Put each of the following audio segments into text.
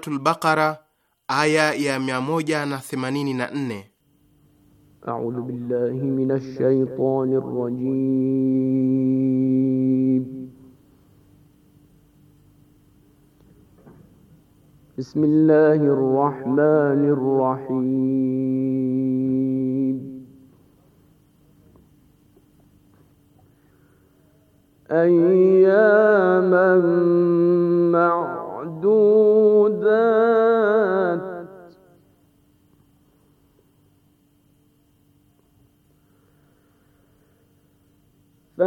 Suratul Baqara aya ya 184. A'udhu billahi minash shaitanir rajim. Bismillahir rahmanir rahim. أياما معدودة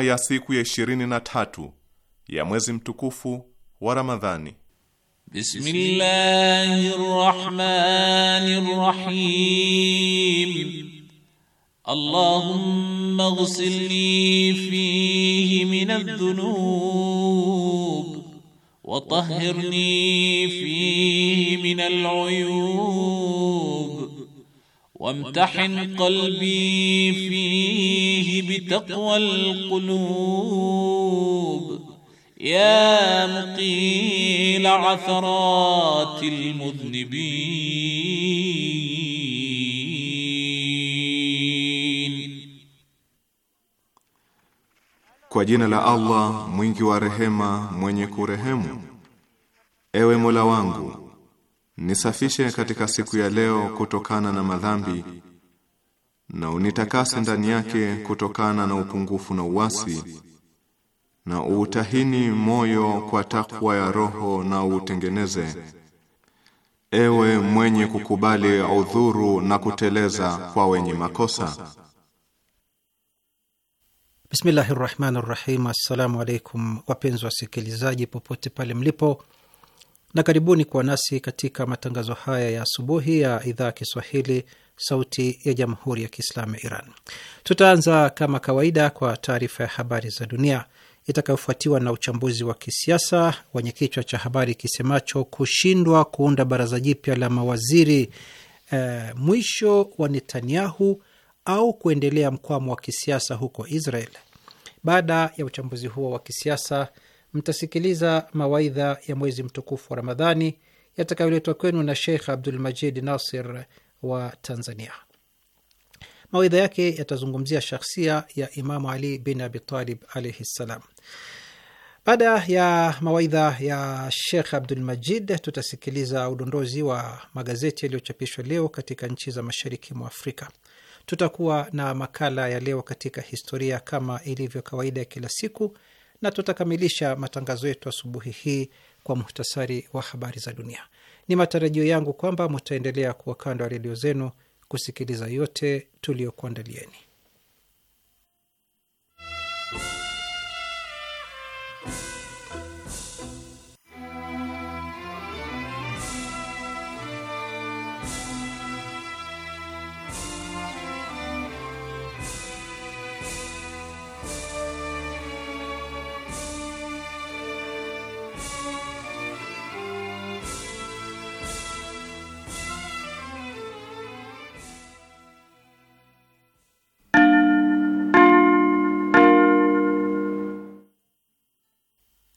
Ijumaa ya siku ya ishirini na tatu ya mwezi mtukufu wa Ramadhani. Bismillahir Rahmanir Rahim. Allahumma ighsilni fihi min adh-dhunub wa tahhirni fihi min al-uyub wamtahin qalbi fihi bitaqwa alqulub ya muqila atharati almudhnibin, kwa jina la Allah mwingi wa rehema mwenye kurehemu. Ewe Mola wangu Nisafishe katika siku ya leo kutokana na madhambi na unitakase ndani yake kutokana na upungufu na uasi na utahini moyo kwa takwa ya roho na utengeneze ewe mwenye kukubali udhuru na kuteleza kwa wenye makosa. Bismillahirrahmanirrahim. Assalamu alaikum wapenzi wasikilizaji popote pale mlipo na karibuni kuwa nasi katika matangazo haya ya asubuhi ya idhaa ya Kiswahili, Sauti ya Jamhuri ya Kiislamu ya Iran. Tutaanza kama kawaida kwa taarifa ya habari za dunia itakayofuatiwa na uchambuzi wa kisiasa wenye kichwa cha habari kisemacho kushindwa kuunda baraza jipya la mawaziri, e, mwisho wa Netanyahu au kuendelea mkwamo wa kisiasa huko Israel. Baada ya uchambuzi huo wa kisiasa mtasikiliza mawaidha ya mwezi mtukufu wa Ramadhani yatakayoletwa kwenu na Sheikh Abdul Majid Nasir wa Tanzania. Mawaidha yake yatazungumzia shakhsia ya Imamu Ali bin Abitalib alaihi ssalam. Baada ya mawaidha ya Sheikh Abdul Majid, tutasikiliza udondozi wa magazeti yaliyochapishwa leo katika nchi za mashariki mwa Afrika. Tutakuwa na makala ya leo katika historia kama ilivyo kawaida ya kila siku na tutakamilisha matangazo yetu asubuhi hii kwa muhtasari wa habari za dunia. Ni matarajio yangu kwamba mutaendelea kuwa kando ya redio zenu kusikiliza yote tuliyokuandalieni.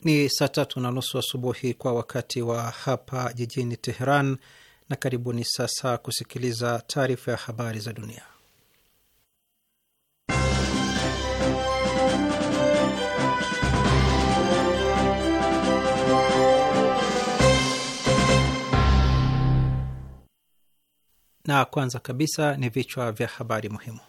Ni saa tatu na nusu asubuhi wa kwa wakati wa hapa jijini Teheran, na karibuni sasa kusikiliza taarifa ya habari za dunia. Na kwanza kabisa ni vichwa vya habari muhimu.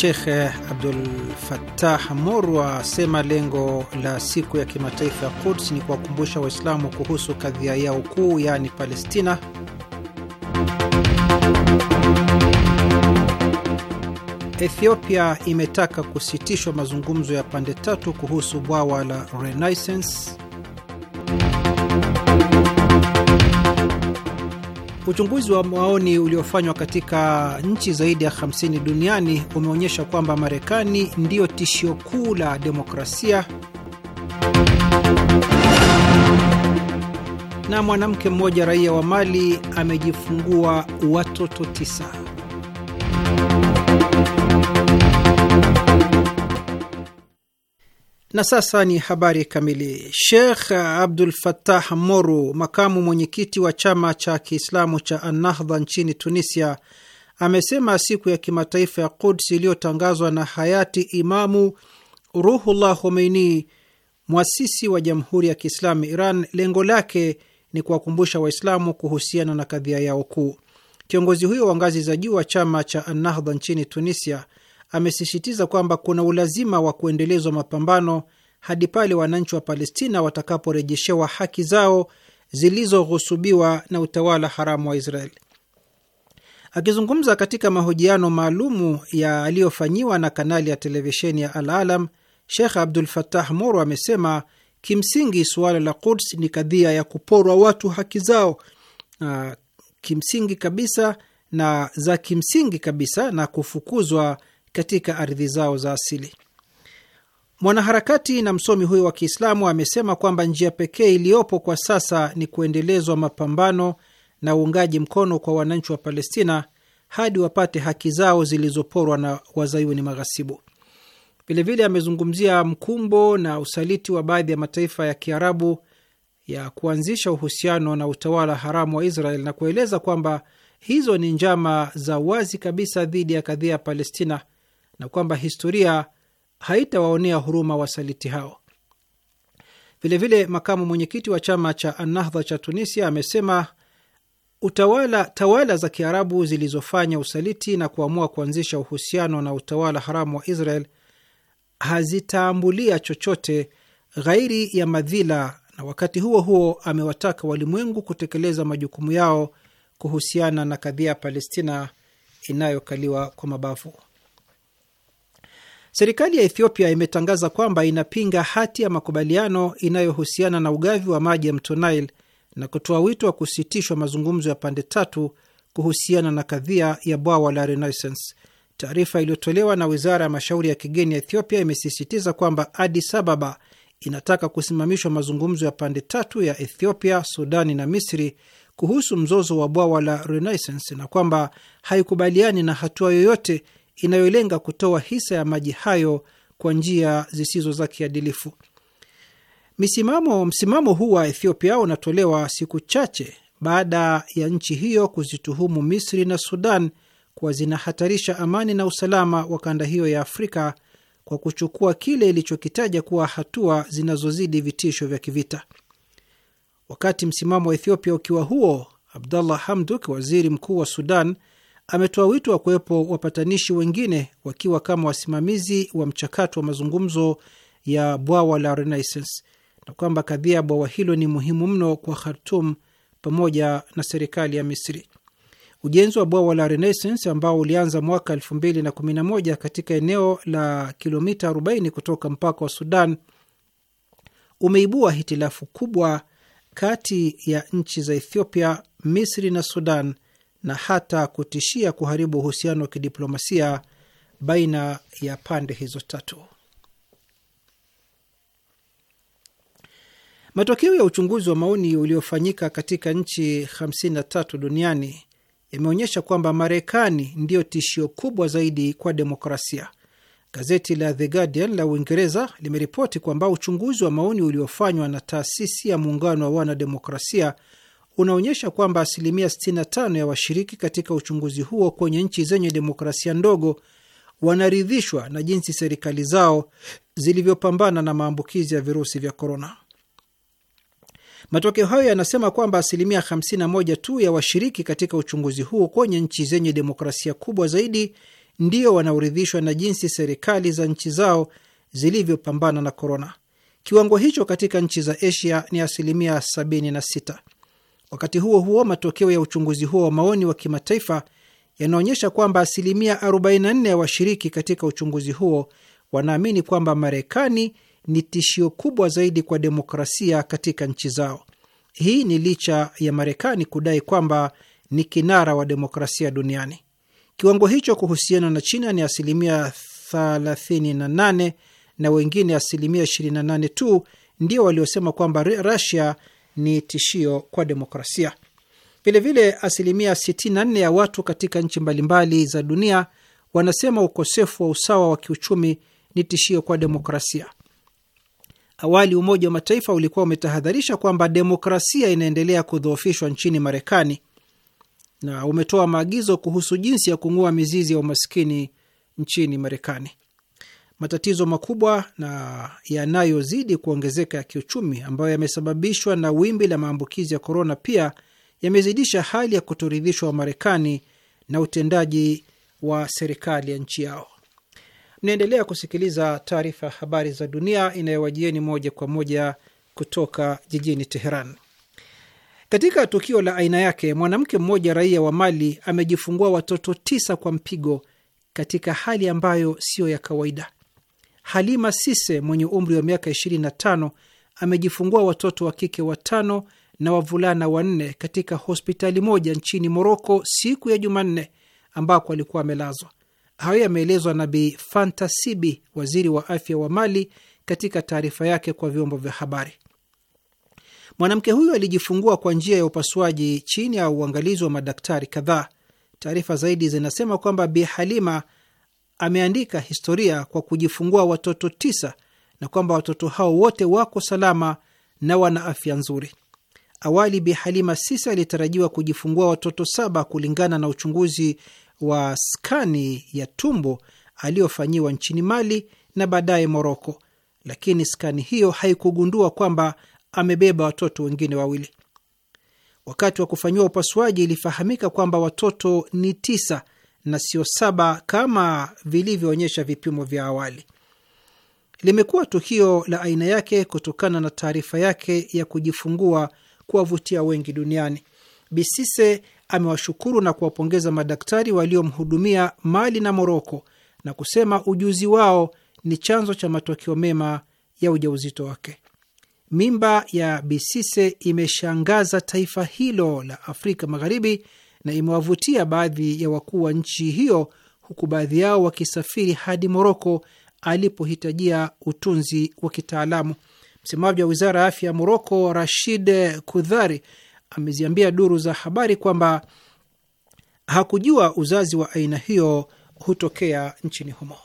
Shekhe eh, Abdul Fatah Murwa asema lengo la siku ya kimataifa ya Quds ni kuwakumbusha Waislamu kuhusu kadhia yao kuu, yaani Palestina. Ethiopia imetaka kusitishwa mazungumzo ya pande tatu kuhusu bwawa la Renaissance. Uchunguzi wa maoni uliofanywa katika nchi zaidi ya 50 duniani umeonyesha kwamba Marekani ndiyo tishio kuu la demokrasia. Na mwanamke mmoja raia wa Mali amejifungua watoto tisa. Na sasa ni habari kamili. Sheikh Abdul Fattah Moru, makamu mwenyekiti wa chama cha Kiislamu cha Annahdha nchini Tunisia, amesema siku ya kimataifa ya Quds iliyotangazwa na hayati Imamu Ruhullah Khomeini, mwasisi wa Jamhuri ya Kiislamu Iran, lengo lake ni kuwakumbusha Waislamu kuhusiana na kadhia yao kuu. Kiongozi huyo wa ngazi za juu wa chama cha Annahdha nchini Tunisia amesisitiza kwamba kuna ulazima wa kuendelezwa mapambano hadi pale wananchi wa Palestina watakaporejeshewa haki zao zilizoghusubiwa na utawala haramu wa israel Akizungumza katika mahojiano maalumu yaliyofanyiwa na kanali ya televisheni ya Al Alam, Shekh Abdul Fatah Moro amesema kimsingi suala la Quds ni kadhia ya kuporwa watu haki zao uh, kimsingi kabisa na za kimsingi kabisa na kufukuzwa katika ardhi zao za asili. Mwanaharakati na msomi huyo wa Kiislamu amesema kwamba njia pekee iliyopo kwa sasa ni kuendelezwa mapambano na uungaji mkono kwa wananchi wa Palestina hadi wapate haki zao zilizoporwa na wazayuni maghasibu. Vilevile amezungumzia mkumbo na usaliti wa baadhi ya mataifa ya Kiarabu ya kuanzisha uhusiano na utawala haramu wa Israel na kueleza kwamba hizo ni njama za wazi kabisa dhidi ya kadhia ya Palestina na kwamba historia haitawaonea huruma wasaliti hao. Vilevile vile makamu mwenyekiti wa chama cha Annahdha cha Tunisia amesema utawala tawala za Kiarabu zilizofanya usaliti na kuamua kuanzisha uhusiano na utawala haramu wa Israel hazitaambulia chochote ghairi ya madhila, na wakati huo huo amewataka walimwengu kutekeleza majukumu yao kuhusiana na kadhia ya Palestina inayokaliwa kwa mabavu. Serikali ya Ethiopia imetangaza kwamba inapinga hati ya makubaliano inayohusiana na ugavi wa maji ya mto Nile na kutoa wito wa kusitishwa mazungumzo ya pande tatu kuhusiana na kadhia ya bwawa la Renaissance. Taarifa iliyotolewa na wizara ya mashauri ya kigeni ya Ethiopia imesisitiza kwamba Addis Ababa inataka kusimamishwa mazungumzo ya pande tatu ya Ethiopia, Sudani na Misri kuhusu mzozo wa bwawa la Renaissance na kwamba haikubaliani na hatua yoyote inayolenga kutoa hisa ya maji hayo kwa njia zisizo za kiadilifu. Misimamo, msimamo huu wa Ethiopia unatolewa siku chache baada ya nchi hiyo kuzituhumu Misri na Sudan kuwa zinahatarisha amani na usalama wa kanda hiyo ya Afrika kwa kuchukua kile ilichokitaja kuwa hatua zinazozidi vitisho vya kivita. Wakati msimamo wa Ethiopia ukiwa huo, Abdallah Hamduk, waziri mkuu wa Sudan, ametoa wito wa kuwepo wapatanishi wengine wakiwa kama wasimamizi wa mchakato wa mazungumzo ya bwawa la Renaissance na kwamba kadhia ya bwawa hilo ni muhimu mno kwa Khartum pamoja na serikali ya Misri. Ujenzi wa bwawa la Renaissance ambao ulianza mwaka 2011 katika eneo la kilomita 40 kutoka mpaka wa Sudan umeibua hitilafu kubwa kati ya nchi za Ethiopia, Misri na Sudan na hata kutishia kuharibu uhusiano wa kidiplomasia baina ya pande hizo tatu. Matokeo ya uchunguzi wa maoni uliofanyika katika nchi 53 duniani yameonyesha kwamba Marekani ndiyo tishio kubwa zaidi kwa demokrasia. Gazeti la The Guardian la Uingereza limeripoti kwamba uchunguzi wa maoni uliofanywa na taasisi ya muungano wa wanademokrasia unaonyesha kwamba asilimia 65 ya washiriki katika uchunguzi huo kwenye nchi zenye demokrasia ndogo wanaridhishwa na jinsi serikali zao zilivyopambana na maambukizi ya virusi vya korona. Matokeo hayo yanasema kwamba asilimia 51 tu ya washiriki katika uchunguzi huo kwenye nchi zenye demokrasia kubwa zaidi ndio wanaoridhishwa na jinsi serikali za nchi zao zilivyopambana na korona. Kiwango hicho katika nchi za Asia ni asilimia 76. Wakati huo huo, matokeo ya uchunguzi huo wa maoni wa kimataifa yanaonyesha kwamba asilimia 44 ya washiriki katika uchunguzi huo wanaamini kwamba Marekani ni tishio kubwa zaidi kwa demokrasia katika nchi zao. Hii ni licha ya Marekani kudai kwamba ni kinara wa demokrasia duniani. Kiwango hicho kuhusiana na China ni asilimia 38 na wengine asilimia 28 tu ndio waliosema kwamba Russia ni tishio kwa demokrasia. Vilevile, asilimia 64 ya watu katika nchi mbalimbali za dunia wanasema ukosefu wa usawa wa kiuchumi ni tishio kwa demokrasia. Awali Umoja wa Mataifa ulikuwa umetahadharisha kwamba demokrasia inaendelea kudhoofishwa nchini Marekani na umetoa maagizo kuhusu jinsi ya kung'ua mizizi ya umaskini nchini Marekani matatizo makubwa na yanayozidi kuongezeka ya kiuchumi ambayo yamesababishwa na wimbi la maambukizi ya korona pia yamezidisha hali ya kutoridhishwa wa Marekani na utendaji wa serikali ya nchi yao. Mnaendelea kusikiliza taarifa ya habari za dunia inayowajieni moja kwa moja kutoka jijini Teheran. Katika tukio la aina yake, mwanamke mmoja raia wa Mali amejifungua watoto tisa kwa mpigo katika hali ambayo siyo ya kawaida. Halima Sise mwenye umri wa miaka 25 amejifungua watoto wa kike watano na wavulana wanne katika hospitali moja nchini Moroko siku ya Jumanne ambako alikuwa amelazwa. Hayo yameelezwa na Bi Fantasibi, waziri wa afya wa Mali, katika taarifa yake kwa vyombo vya habari. Mwanamke huyo alijifungua kwa njia ya upasuaji chini ya uangalizi wa madaktari kadhaa. Taarifa zaidi zinasema kwamba Bi Halima ameandika historia kwa kujifungua watoto tisa na kwamba watoto hao wote wako salama na wana afya nzuri. Awali Bi Halima Sisa alitarajiwa kujifungua watoto saba kulingana na uchunguzi wa skani ya tumbo aliyofanyiwa nchini Mali na baadaye Moroko, lakini skani hiyo haikugundua kwamba amebeba watoto wengine wawili. Wakati wa kufanyiwa upasuaji, ilifahamika kwamba watoto ni tisa na sio saba kama vilivyoonyesha vipimo vya awali. Limekuwa tukio la aina yake kutokana na taarifa yake ya kujifungua kuwavutia wengi duniani. Bisise amewashukuru na kuwapongeza madaktari waliomhudumia Mali na Moroko na kusema ujuzi wao ni chanzo cha matokeo mema ya ujauzito wake. Mimba ya Bisise imeshangaza taifa hilo la Afrika Magharibi na imewavutia baadhi ya wakuu wa nchi hiyo, huku baadhi yao wakisafiri hadi Moroko alipohitajia utunzi wa kitaalamu. Msemaji wa wizara ya afya ya Moroko, Rashid Kudhari, ameziambia duru za habari kwamba hakujua uzazi wa aina hiyo hutokea nchini humo.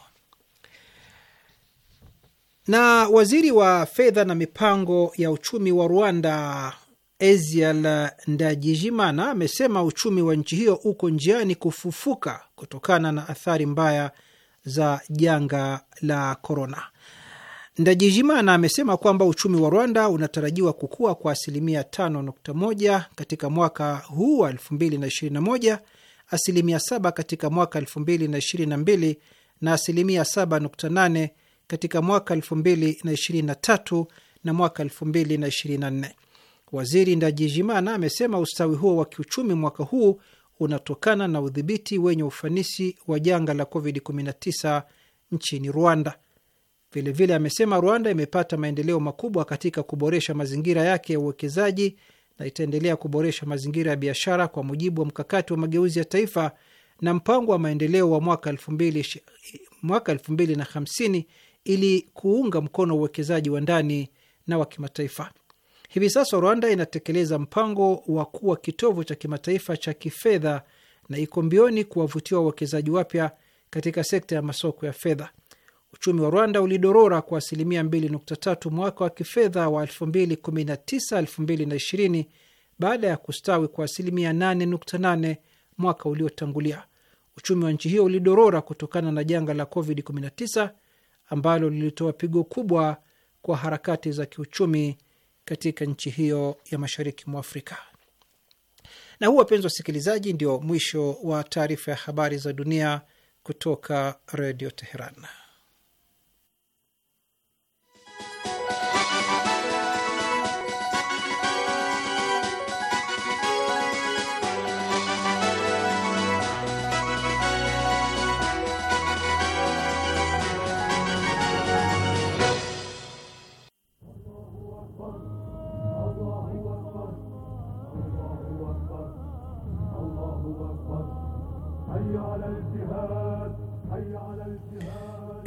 Na waziri wa fedha na mipango ya uchumi wa Rwanda Ezial Ndajijimana amesema uchumi wa nchi hiyo uko njiani kufufuka kutokana na athari mbaya za janga la korona. Ndajijimana amesema kwamba uchumi wa Rwanda unatarajiwa kukua kwa asilimia 5.1 katika mwaka huu wa 2021, asilimia 7 katika mwaka 2022 na asilimia 7.8 katika mwaka 2023 na mwaka 2024. Waziri Ndajijimana amesema ustawi huo wa kiuchumi mwaka huu unatokana na udhibiti wenye ufanisi wa janga la COVID-19 nchini Rwanda. Vilevile vile amesema Rwanda imepata maendeleo makubwa katika kuboresha mazingira yake ya uwekezaji na itaendelea kuboresha mazingira ya biashara kwa mujibu wa mkakati wa mageuzi ya taifa na mpango wa maendeleo wa mwaka 250 ili kuunga mkono uwekezaji wa ndani na wa kimataifa. Hivi sasa Rwanda inatekeleza mpango wa kuwa kitovu cha kimataifa cha kifedha na iko mbioni kuwavutia wawekezaji wapya katika sekta ya masoko ya fedha. Uchumi wa Rwanda ulidorora kwa asilimia 2.3 mwaka wa kifedha wa 2019/2020 baada ya kustawi kwa asilimia 8.8 mwaka uliotangulia. Uchumi wa nchi hiyo ulidorora kutokana na janga la COVID-19 ambalo lilitoa pigo kubwa kwa harakati za kiuchumi katika nchi hiyo ya mashariki mwa Afrika. Na huu, wapenzi wasikilizaji, ndio mwisho wa taarifa ya habari za dunia kutoka Redio Teheran.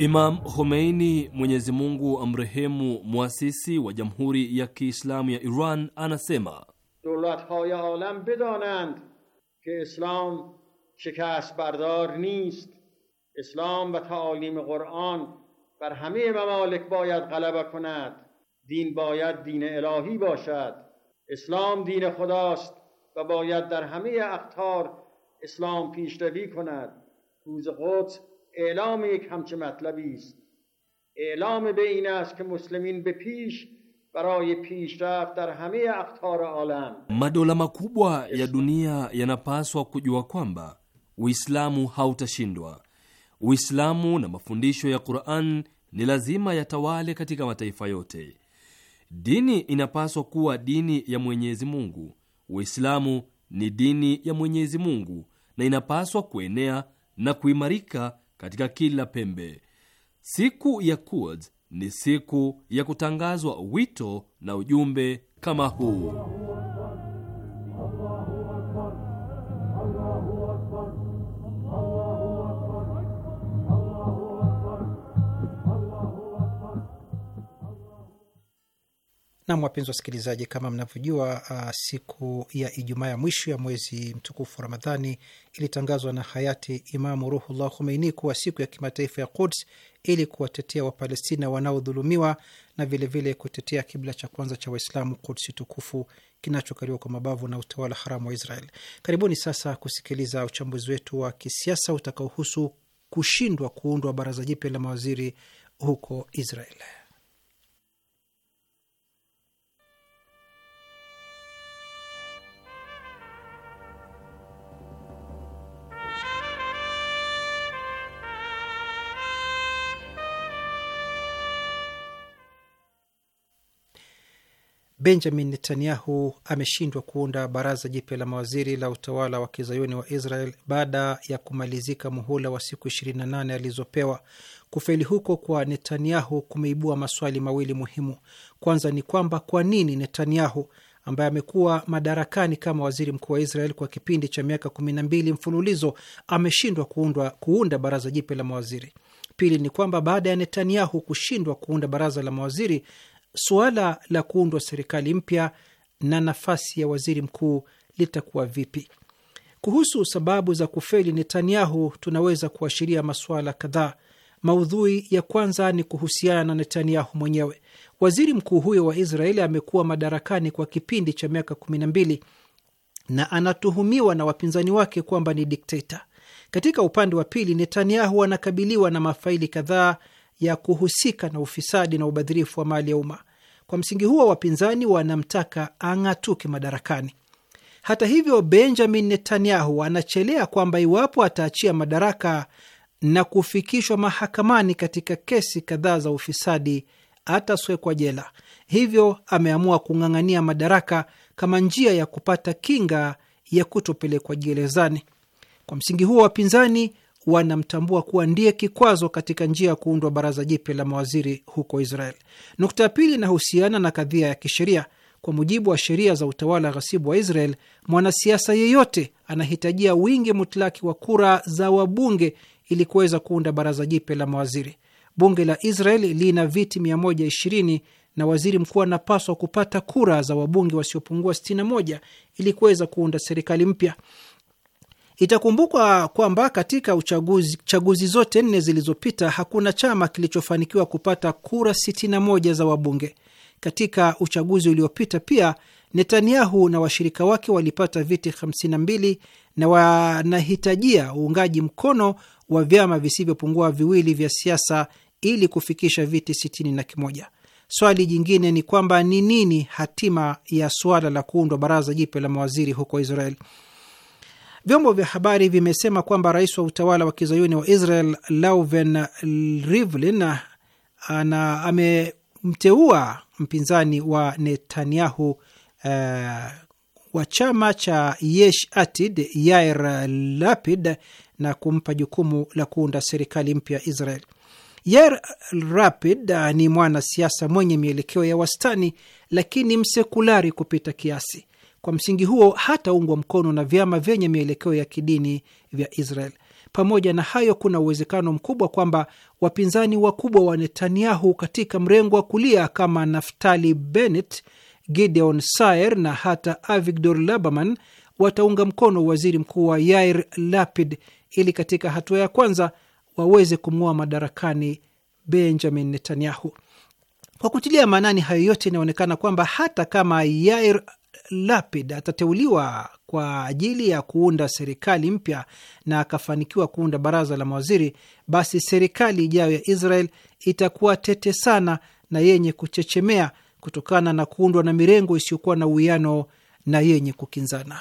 امام خمینی منیزمونگو امرهیمو مؤسسی و جمهوری یکی اسلامی ایران دولت دولتهای عالم بدانند که اسلام شکست بردار نیست اسلام و تعالیم قرآن بر همه ممالک باید غلبه کند دین باید دین الهی باشد اسلام دین خداست و باید در همه اختار اسلام پیشتری کند روز خودت اعلام یک همچه مطلبی است اعلام به این است که مسلمین به پیش برای پیشrفت در همه اقطار alam. Madola makubwa ya dunia yanapaswa kujua kwamba Uislamu hautashindwa. Uislamu na mafundisho ya Qur'an ni lazima yatawale katika mataifa yote. Dini inapaswa kuwa dini ya Mwenyezi Mungu. Uislamu ni dini ya Mwenyezi Mungu na inapaswa kuenea na kuimarika katika kila pembe. Siku ya Quds ni siku ya kutangazwa wito na ujumbe kama huu. Nam, wapenzi wasikilizaji, kama mnavyojua, uh, siku ya Ijumaa ya mwisho ya mwezi mtukufu Ramadhani ilitangazwa na hayati Imamu Ruhullah Khomeini kuwa siku ya kimataifa ya Quds ili kuwatetea Wapalestina wanaodhulumiwa na vilevile vile kutetea kibla cha kwanza cha Waislamu, Kudsi tukufu kinachokaliwa kwa mabavu na utawala haramu wa Israel. Karibuni sasa kusikiliza uchambuzi wetu wa kisiasa utakaohusu kushindwa kuundwa baraza jipya la mawaziri huko Israel. Benjamin Netanyahu ameshindwa kuunda baraza jipya la mawaziri la utawala wa kizayuni wa Israel baada ya kumalizika muhula wa siku 28 alizopewa. Kufeli huko kwa Netanyahu kumeibua maswali mawili muhimu. Kwanza ni kwamba kwa nini Netanyahu ambaye amekuwa madarakani kama waziri mkuu wa Israel kwa kipindi cha miaka 12 mfululizo ameshindwa kuunda baraza jipya la mawaziri. Pili ni kwamba baada ya Netanyahu kushindwa kuunda baraza la mawaziri suala la kuundwa serikali mpya na nafasi ya waziri mkuu litakuwa vipi. Kuhusu sababu za kufeli Netanyahu, tunaweza kuashiria masuala kadhaa. Maudhui ya kwanza ni kuhusiana na Netanyahu mwenyewe. Waziri mkuu huyo wa Israeli amekuwa madarakani kwa kipindi cha miaka kumi na mbili na anatuhumiwa na wapinzani wake kwamba ni dikteta. Katika upande wa pili, Netanyahu anakabiliwa na mafaili kadhaa ya kuhusika na ufisadi na ubadhirifu wa mali ya umma. Kwa msingi huo, wapinzani wanamtaka ang'atuke madarakani. Hata hivyo, Benjamin Netanyahu anachelea kwamba iwapo ataachia madaraka na kufikishwa mahakamani katika kesi kadhaa za ufisadi ataswekwa jela. Hivyo ameamua kung'ang'ania madaraka kama njia ya kupata kinga ya kutopelekwa gerezani. Kwa msingi huo, wapinzani wanamtambua kuwa ndiye kikwazo katika njia ya kuundwa baraza jipya la mawaziri huko Israel. Nukta ya pili inahusiana na kadhia ya kisheria. Kwa mujibu wa sheria za utawala ghasibu wa Israel, mwanasiasa yeyote anahitajia wingi mutlaki wa kura za wabunge ili kuweza kuunda baraza jipya la mawaziri. Bunge la Israel lina viti 120 na waziri mkuu anapaswa kupata kura za wabunge wasiopungua 61 ili kuweza kuunda serikali mpya. Itakumbukwa kwamba katika uchaguzi, chaguzi zote nne zilizopita hakuna chama kilichofanikiwa kupata kura 61 za wabunge. Katika uchaguzi uliopita pia Netanyahu na washirika wake walipata viti 52 na wanahitajia uungaji mkono wa vyama visivyopungua viwili vya siasa ili kufikisha viti 61. na kimoja. Swali jingine ni kwamba ni nini hatima ya suala la kuundwa baraza jipya la mawaziri huko Israel? Vyombo vya habari vimesema kwamba rais wa utawala wa kizayuni wa Israel lauven Rivlin ana amemteua mpinzani wa Netanyahu uh, wa chama cha Yesh Atid Yair Lapid na kumpa jukumu la kuunda serikali mpya ya Israel. Yair Lapid uh, ni mwanasiasa mwenye mielekeo ya wastani, lakini msekulari kupita kiasi. Kwa msingi huo hataungwa mkono na vyama vyenye mielekeo ya kidini vya Israel. Pamoja na hayo, kuna uwezekano mkubwa kwamba wapinzani wakubwa wa Netanyahu katika mrengo wa kulia kama Naftali Bennett, Gideon sair na hata Avigdor Laberman wataunga mkono waziri mkuu wa Yair Lapid ili katika hatua ya kwanza waweze kumua madarakani Benjamin Netanyahu. Kwa kutilia maanani hayo yote, inaonekana kwamba hata kama Yair Lapid atateuliwa kwa ajili ya kuunda serikali mpya na akafanikiwa kuunda baraza la mawaziri, basi serikali ijayo ya Israel itakuwa tete sana na yenye kuchechemea kutokana na kuundwa na mirengo isiyokuwa na uwiano na yenye kukinzana.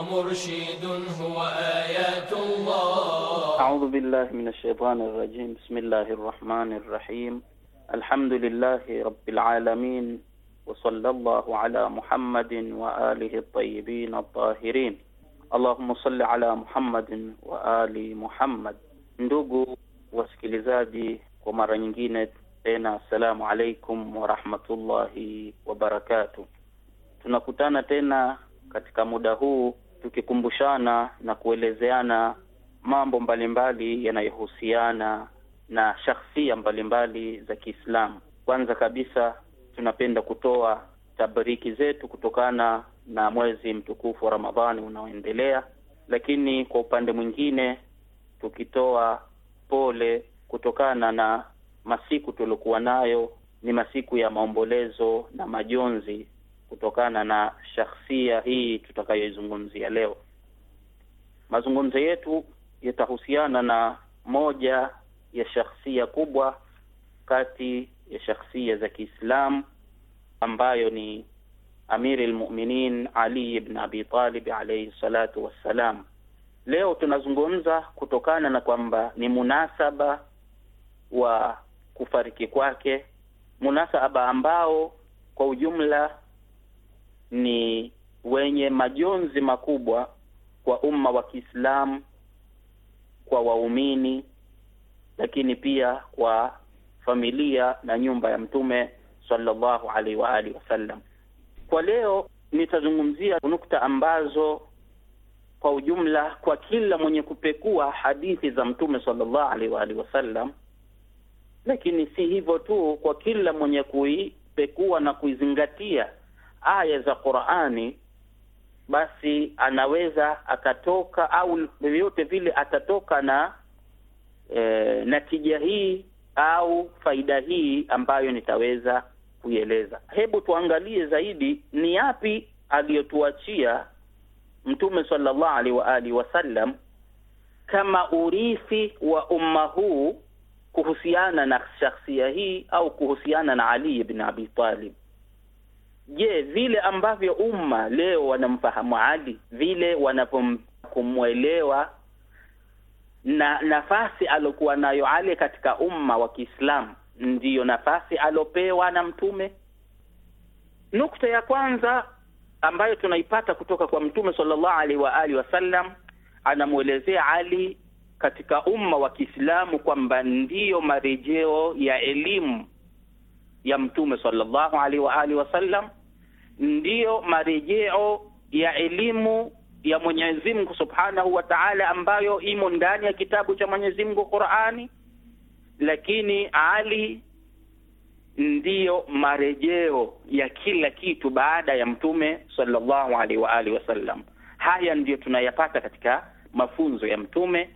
ومرشد هو آيات الله أعوذ بالله من الشيطان الرجيم بسم الله الرحمن الرحيم الحمد لله رب العالمين وصلى الله على محمد وآله الطيبين الطاهرين اللهم صل على محمد وآل محمد ndugu wasikilizaji kwa mara nyingine tena assalamu alaikum warahmatullahi wabarakatu tunakutana tena katika muda tukikumbushana na kuelezeana mambo mbalimbali yanayohusiana na shakhsia mbalimbali za Kiislamu. Kwanza kabisa tunapenda kutoa tabriki zetu kutokana na mwezi mtukufu wa Ramadhani unaoendelea, lakini kwa upande mwingine tukitoa pole kutokana na masiku tuliokuwa nayo, ni masiku ya maombolezo na majonzi kutokana na shakhsia hii tutakayoizungumzia leo. Mazungumzo yetu yatahusiana na moja ya shakhsia kubwa kati ya shakhsia za Kiislamu ambayo ni Amiri lmuminin Ali ibn Abi Talib alayhi salatu wassalam. Leo tunazungumza kutokana na kwamba ni munasaba wa kufariki kwake, munasaba ambao kwa ujumla ni wenye majonzi makubwa kwa umma wa Kiislamu, kwa waumini, lakini pia kwa familia na nyumba ya Mtume sallallahu alaihi wa alihi wasallam. Kwa leo nitazungumzia nukta ambazo kwa ujumla, kwa kila mwenye kupekua hadithi za Mtume sallallahu alaihi wa alihi wasallam, lakini si hivyo tu, kwa kila mwenye kuipekua na kuizingatia aya za Qur'ani, basi anaweza akatoka au vyovyote vile atatoka na e, natija hii au faida hii ambayo nitaweza kuieleza. Hebu tuangalie zaidi ni yapi aliyotuachia Mtume sallallahu alaihi wa alihi wasallam kama urithi wa umma huu kuhusiana na shakhsia hii au kuhusiana na Ali ibn Abi Talib. Je, vile ambavyo umma leo wanamfahamu Ali, vile wanavyokumwelewa na nafasi alokuwa nayo Ali katika umma wa Kiislamu, ndiyo nafasi alopewa na Mtume. Nukta ya kwanza ambayo tunaipata kutoka kwa Mtume sallallahu alaihi wa alihi wasallam, anamwelezea Ali katika umma wa Kiislamu kwamba ndiyo marejeo ya elimu ya Mtume sallallahu alaihi wa alihi wasallam ndiyo marejeo ya elimu ya Mwenyezi Mungu Subhanahu wa Ta'ala ambayo imo ndani ya kitabu cha Mwenyezi Mungu Qur'ani, lakini Ali ndiyo marejeo ya kila kitu baada ya Mtume sallallahu alaihi wa alihi wasallam. Haya ndiyo tunayapata katika mafunzo ya Mtume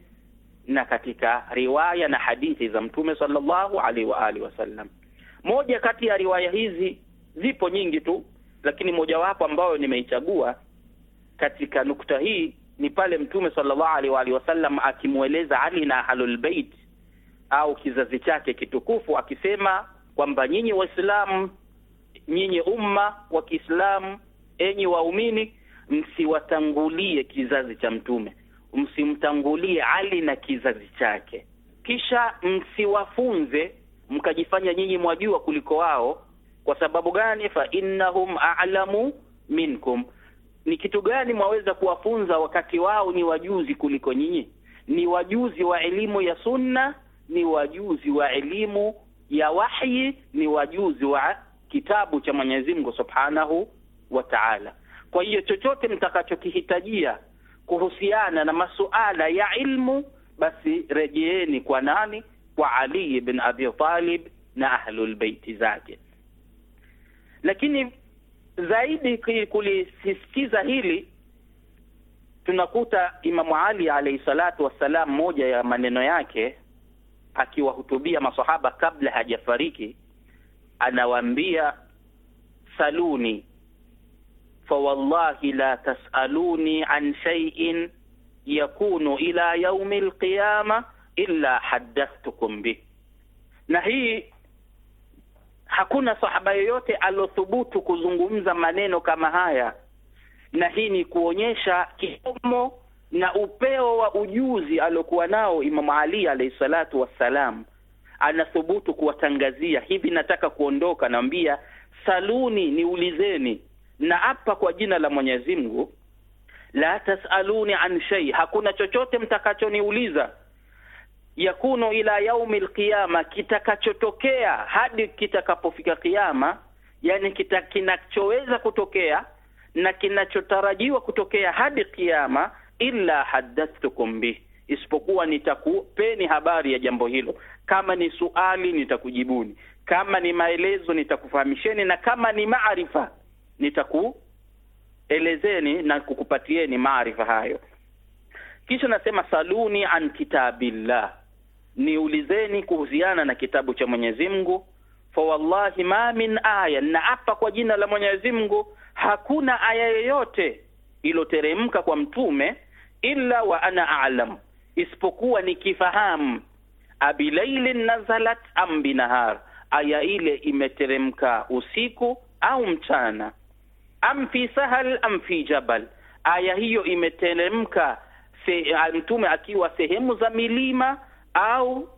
na katika riwaya na hadithi za Mtume sallallahu alaihi wa alihi wasallam. Moja kati ya riwaya hizi zipo nyingi tu lakini mojawapo ambayo nimeichagua katika nukta hii ni pale Mtume sallallahu alaihi wa alihi wasallam akimweleza Ali na ahlul bait au kizazi chake kitukufu akisema kwamba nyinyi Waislamu, nyinyi umma wa Kiislamu, enyi waumini, msiwatangulie kizazi cha Mtume, msimtangulie Ali na kizazi chake, kisha msiwafunze mkajifanya nyinyi mwajua kuliko wao kwa sababu gani? fa innahum a'lamu minkum, ni kitu gani mwaweza kuwafunza wakati wao ni wajuzi kuliko nyinyi? Ni wajuzi wa elimu ya sunna, ni wajuzi wa elimu ya wahyi, ni wajuzi wa kitabu cha Mwenyezi Mungu Subhanahu wa Ta'ala. Kwa hiyo chochote mtakachokihitajia kuhusiana na masuala ya ilmu, basi rejeeni kwa nani? Kwa Ali ibn Abi Talib na ahlul baiti zake. Lakini zaidi kulisisitiza hili, tunakuta Imamu Ali alayhi salatu wassalam, moja ya maneno yake akiwahutubia masahaba kabla hajafariki, anawaambia saluni fawallahi la tasaluni an shay'in yakunu ila yaumi alqiyama illa haddathtukum bih. Na hii Hakuna sahaba yoyote alothubutu kuzungumza maneno kama haya, na hii ni kuonyesha kisomo na upeo wa ujuzi aliokuwa nao Imamu Ali alayhi salatu wassalam. Anathubutu kuwatangazia hivi, nataka kuondoka, naambia saluni, niulizeni, na hapa kwa jina la Mwenyezi Mungu, la tasaluni an shay, hakuna chochote mtakachoniuliza yakunu ila yaumi lqiama kitakachotokea hadi kitakapofika kiama, yani kita kinachoweza kutokea na kinachotarajiwa kutokea hadi kiama, illa hadathtukum bih, isipokuwa nitakupeni habari ya jambo hilo. Kama ni suali nitakujibuni, kama ni maelezo nitakufahamisheni, na kama ni maarifa nitakuelezeni na kukupatieni maarifa hayo. Kisha nasema saluni an kitabillah niulizeni kuhusiana na kitabu cha Mwenyezi Mungu, fa wallahi ma min aya, na apa kwa jina la Mwenyezi Mungu, hakuna aya yoyote iloteremka kwa mtume illa wa ana alam, isipokuwa nikifahamu abilailin nazalat am binahar, aya ile imeteremka usiku au mchana, am fi sahal am fi jabal, aya hiyo imeteremka mtume akiwa sehemu za milima au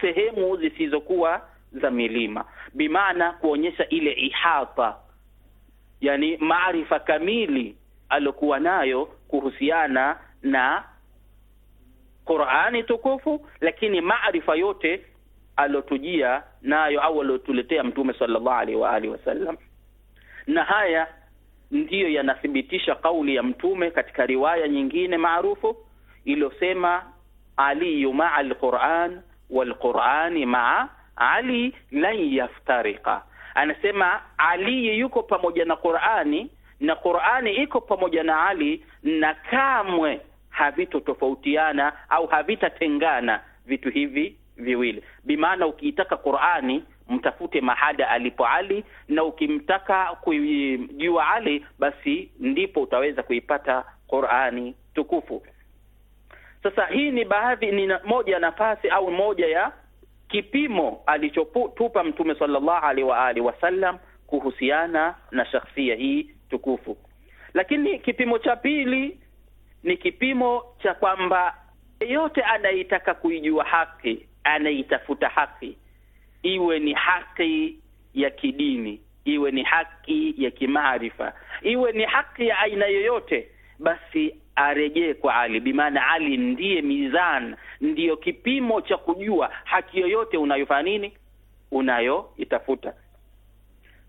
sehemu zisizokuwa za milima, bimaana kuonyesha ile ihata, yani maarifa kamili aliokuwa nayo kuhusiana na Qur'ani tukufu, lakini maarifa yote alotujia nayo au alotuletea Mtume sallallahu alaihi wa alihi wasallam, na haya ndiyo yanathibitisha kauli ya Mtume katika riwaya nyingine maarufu iliyosema aliyu maa alquran walqurani maa ali lan yaftariqa, anasema Ali yuko pamoja na Qurani na Qurani iko pamoja na Ali na kamwe havitotofautiana au havitatengana vitu hivi viwili. Bimaana ukiitaka Qurani mtafute mahada alipo Ali, na ukimtaka kuijua Ali basi ndipo utaweza kuipata Qurani tukufu. Sasa hii ni baadhi, ni moja ya nafasi au moja ya kipimo alichotupa Mtume sallallahu alaihi wa alihi wasallam kuhusiana na shakhsia hii tukufu. Lakini kipimo cha pili ni kipimo cha kwamba yeyote anayetaka kuijua haki, anaitafuta haki, iwe ni haki ya kidini, iwe ni haki ya kimaarifa, iwe ni haki ya aina yoyote, basi arejee kwa Ali, bimaana Ali ndiye mizan, ndiyo kipimo cha kujua haki yoyote unayofanya nini, unayoitafuta.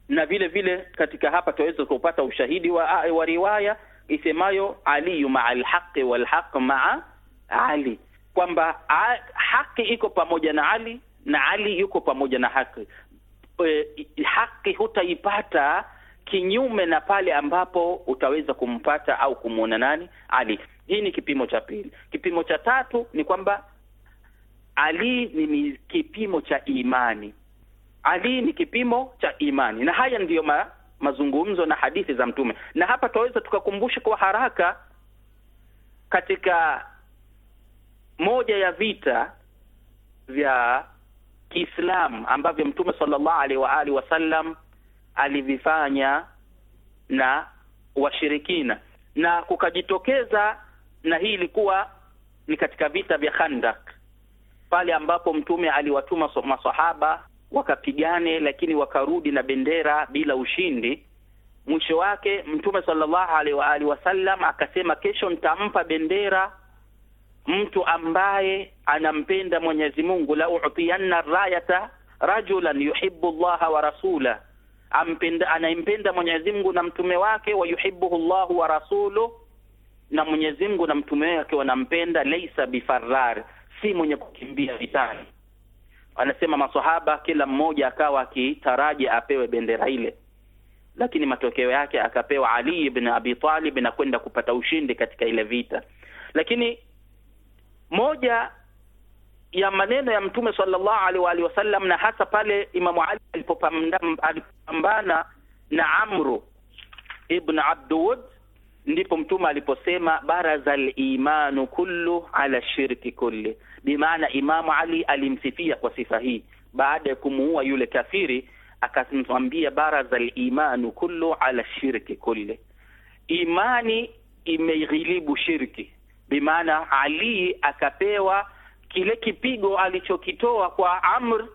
Na vile vile katika hapa tunaweza kupata ushahidi wa, wa riwaya isemayo aliyu maa alhaqi walhaq maa Ali, kwamba haki iko pamoja na Ali na Ali yuko pamoja na haki. E, haki hutaipata kinyume na pale ambapo utaweza kumpata au kumwona nani Ali. Hii ni kipimo cha pili. Kipimo cha tatu ni kwamba Ali ni kipimo cha imani. Ali ni kipimo cha imani, na haya ndiyo ma, mazungumzo na hadithi za Mtume, na hapa tunaweza tukakumbusha kwa haraka katika moja ya vita vya Kiislamu ambavyo Mtume sallallahu alaihi wa alihi wasallam alivifanya na washirikina na kukajitokeza na hii ilikuwa ni katika vita vya Khandak pale ambapo mtume aliwatuma masahaba wakapigane lakini wakarudi na bendera bila ushindi mwisho wake mtume sallallahu alaihi wa alihi wasallam akasema kesho nitampa bendera mtu ambaye anampenda Mwenyezi Mungu la utiyanna rayata rajulan yuhibbu Allah wa rasula ampenda anayempenda Mwenyezi Mungu na mtume wake, wa yuhibbuhu Allahu wa rasuluh, na Mwenyezi Mungu na mtume wake wanampenda. Laisa bifarrar, si mwenye kukimbia vitani. Anasema maswahaba kila mmoja akawa akitaraji apewe bendera ile, lakini matokeo yake akapewa Ali ibn Abi Talib na kwenda kupata ushindi katika ile vita. Lakini moja ya maneno ya Mtume sallallahu alaihi wa alihi wasallam, na hasa pale Imamu Ali alipopambana na Amru ibn Abdud, ndipo Mtume aliposema baraza limanu imanu kullu ala shirki kulli, bimaana Imamu Ali alimsifia kwa sifa hii baada ya kumuua yule kafiri, akamwambia baraza limanu imanu kullu ala shirki kulli, imani imeghilibu shirki. Bimaana Ali akapewa kile kipigo alichokitoa kwa Amr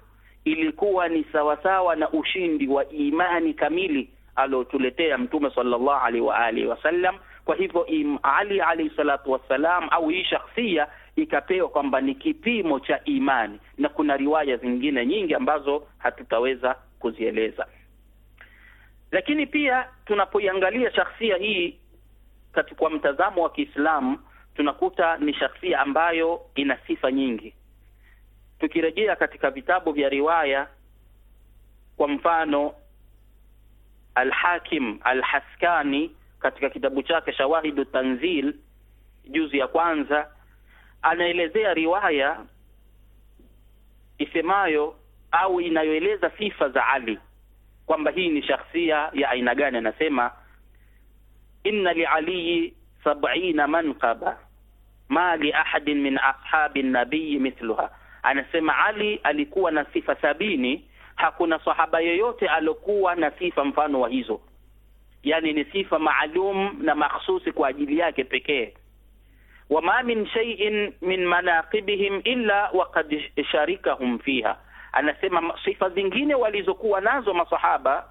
ilikuwa ni sawasawa na ushindi wa imani kamili aliotuletea Mtume sallallahu alaihi wa alihi wasallam. Kwa hivyo Ali alayhi salatu wassalam au hii shakhsia ikapewa kwamba ni kipimo cha imani, na kuna riwaya zingine nyingi ambazo hatutaweza kuzieleza. Lakini pia tunapoiangalia shakhsia hii katika mtazamo wa Kiislamu tunakuta ni shakhsia ambayo ina sifa nyingi. Tukirejea katika vitabu vya riwaya, kwa mfano Alhakim Alhaskani katika kitabu chake Shawahidu Tanzil juzi ya kwanza anaelezea riwaya isemayo au inayoeleza sifa za Ali kwamba hii ni shakhsia ya aina gani. Anasema inna lialiyi sab'ina manqaba ma li ahadin min ashabi nabii mithluha, anasema Ali alikuwa na sifa sabini, hakuna sahaba yeyote aliokuwa na sifa mfano wa hizo, yani ni sifa maalum na makhsusi kwa ajili yake pekee. wa ma min shay'in min manaqibihim illa waqad sharikahum fiha, anasema sifa zingine walizokuwa nazo masahaba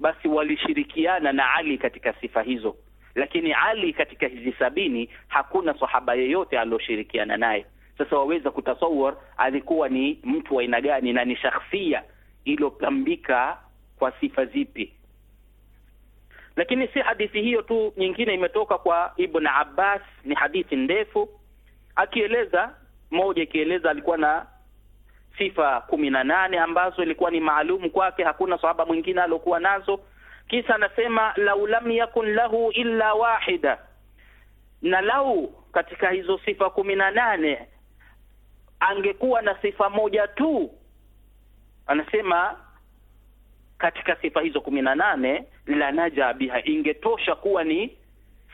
basi walishirikiana na Ali katika sifa hizo lakini Ali katika hizi sabini hakuna sahaba yeyote aliyoshirikiana naye. Sasa waweza kutasawar alikuwa ni mtu wa aina gani na ni shakhsia iliyopambika kwa sifa zipi? Lakini si hadithi hiyo tu, nyingine imetoka kwa Ibn Abbas, ni hadithi ndefu akieleza moja, ikieleza alikuwa na sifa kumi na nane ambazo ilikuwa ni maalumu kwake, hakuna sahaba mwingine aliokuwa nazo Kisa anasema lau lam yakun lahu illa wahida, na lau katika hizo sifa kumi na nane angekuwa na sifa moja tu. Anasema katika sifa hizo kumi na nane la naja biha, ingetosha kuwa ni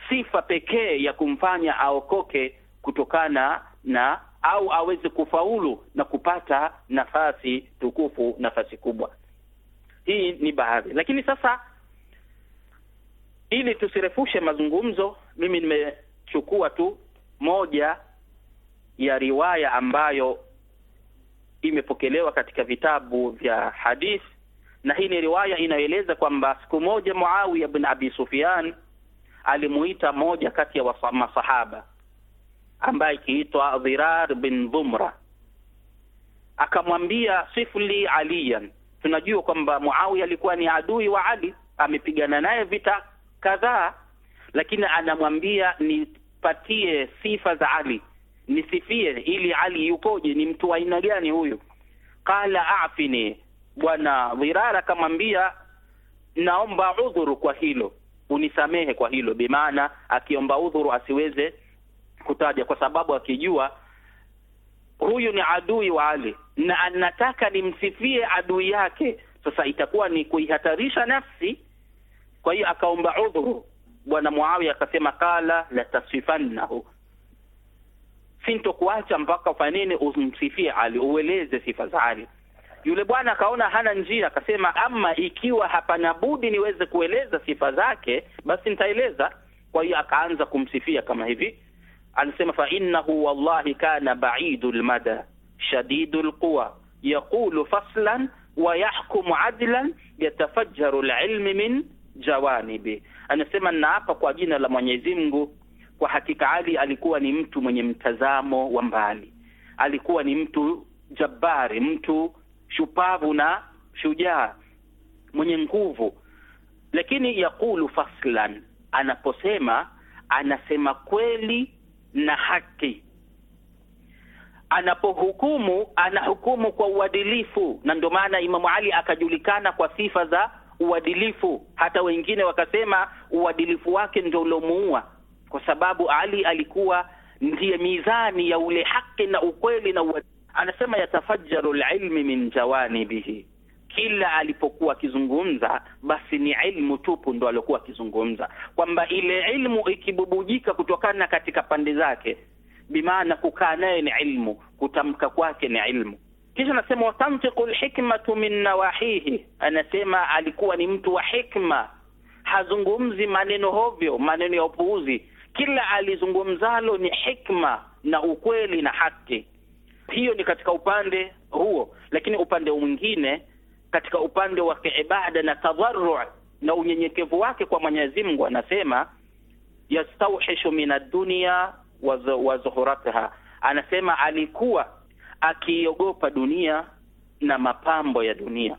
sifa pekee ya kumfanya aokoke kutokana na au aweze kufaulu na kupata nafasi tukufu, nafasi kubwa. Hii ni baadhi, lakini sasa ili tusirefushe mazungumzo, mimi nimechukua tu moja ya riwaya ambayo imepokelewa katika vitabu vya hadith, na hii ni riwaya inayoeleza kwamba siku moja Muawiya bin Abi Sufyan alimuita moja kati ya masahaba ambaye ikiitwa Dhirar bin Dhumra, akamwambia sifli aliyan. Tunajua kwamba Muawiya alikuwa ni adui wa Ali, amepigana naye vita kadhaa, lakini anamwambia nipatie sifa za Ali, nisifie ili Ali yukoje, ni mtu wa aina gani huyu? Qala afini, bwana Dhirara akamwambia naomba udhuru kwa hilo, unisamehe kwa hilo. Bimaana akiomba udhuru asiweze kutaja, kwa sababu akijua huyu ni adui wa Ali na anataka nimsifie adui yake, sasa itakuwa ni kuihatarisha nafsi kwa hiyo akaomba udhuru Bwana Muawiya akasema, qala la tasfifannahu, sintokuacha mpaka ufanye Umsifie Ali, ueleze sifa za Ali. Yule bwana akaona hana njia, akasema ama ikiwa hapana budi niweze kueleza sifa zake, basi nitaeleza. Kwa hiyo akaanza kumsifia kama hivi, anasema fa innahu wallahi kana baidul mada shadidul quwa yaqulu faslan wa yahkumu adlan yatafajjaru alilmi min Jawanibi anasema, naapa kwa jina la Mwenyezi Mungu, kwa hakika Ali alikuwa ni mtu mwenye mtazamo wa mbali, alikuwa ni mtu jabari, mtu shupavu na shujaa mwenye nguvu. Lakini yaqulu faslan, anaposema anasema kweli na haki, anapohukumu anahukumu kwa uadilifu, na ndio maana Imamu Ali akajulikana kwa sifa za uadilifu, hata wengine wakasema uadilifu wake ndio uliomuua, kwa sababu Ali alikuwa ndiye mizani ya ule haki na ukweli na uadilifu. Anasema yatafajjaru lilmi min jawanibihi, kila alipokuwa akizungumza basi ni ilmu tupu ndo aliokuwa akizungumza, kwamba ile ilmu ikibubujika kutokana katika pande zake, bimaana kukaa naye ni ilmu, kutamka kwake ni ilmu kisha anasema watantiku lhikmatu min nawahihi, anasema alikuwa ni mtu wa hikma, hazungumzi maneno hovyo, maneno ya upuuzi. Kila alizungumzalo ni hikma na ukweli na haki. Hiyo ni katika upande huo, lakini upande mwingine, katika upande wa kiibada na tadharru na unyenyekevu wake kwa Mwenyezi Mungu, anasema yastauhishu min ad-dunya wa zuhuratiha, anasema alikuwa akiiogopa dunia na mapambo ya dunia,